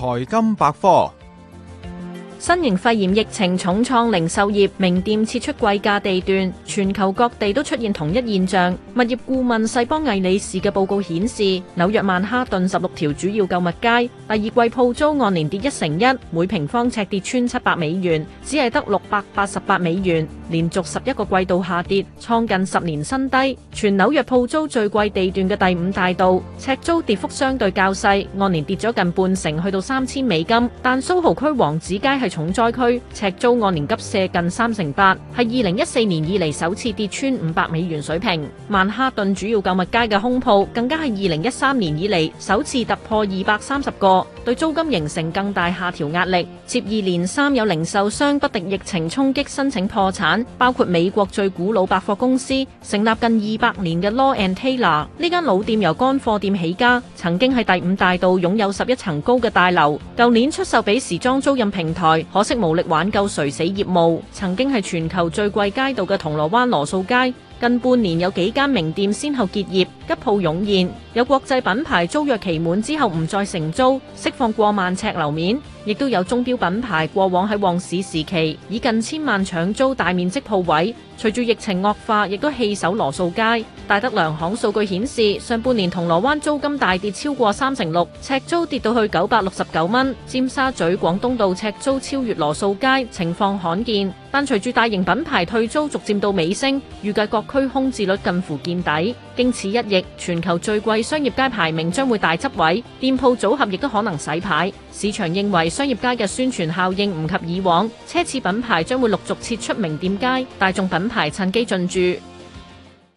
財金百科：新型肺炎疫情重創零售業，名店撤出貴價地段，全球各地都出現同一現象。物業顧問世邦魏理仕嘅報告顯示，紐約曼哈頓十六條主要購物街第二季鋪租按年跌一成一，每平方尺跌穿七百美元，只係得六百八十八美元。連續十一個季度下跌，創近十年新低。全紐約鋪租最貴地段嘅第五大道，呎租跌幅相對較細，按年跌咗近半成，去到三千美金。但蘇豪區王子街係重災區，呎租按年急瀉近三成八，係二零一四年以嚟首次跌穿五百美元水平。曼哈頓主要購物街嘅空鋪更加係二零一三年以嚟首次突破二百三十個，對租金形成更大下調壓力。接二連三有零售商不敵疫情衝擊，申請破產。包括美國最古老百貨公司，成立近二百年嘅 Lord & Taylor 呢間老店由乾貨店起家，曾經係第五大道擁有十一層高嘅大樓，舊年出售俾時裝租賃平台，可惜無力挽救垂死業務。曾經係全球最貴街道嘅銅鑼灣羅素街。近半年有幾間名店先後結業，吉鋪湧現；有國際品牌租約期滿之後唔再承租，釋放過萬尺樓面；亦都有鐘錶品牌過往喺旺市時期以近千萬搶租大面積鋪位，隨住疫情惡化，亦都棄守羅素街。戴德梁行數據顯示，上半年銅鑼灣租金大跌超過三成六，呎租跌到去九百六十九蚊。尖沙咀廣東道呎租超越羅素街，情況罕見。但隨住大型品牌退租逐漸到尾聲，預計各區空置率近乎見底。經此一役，全球最貴商業街排名將會大執位，店鋪組合亦都可能洗牌。市場認為商業街嘅宣傳效應唔及以往，奢侈品牌將會陸續撤出名店街，大眾品牌趁機進駐。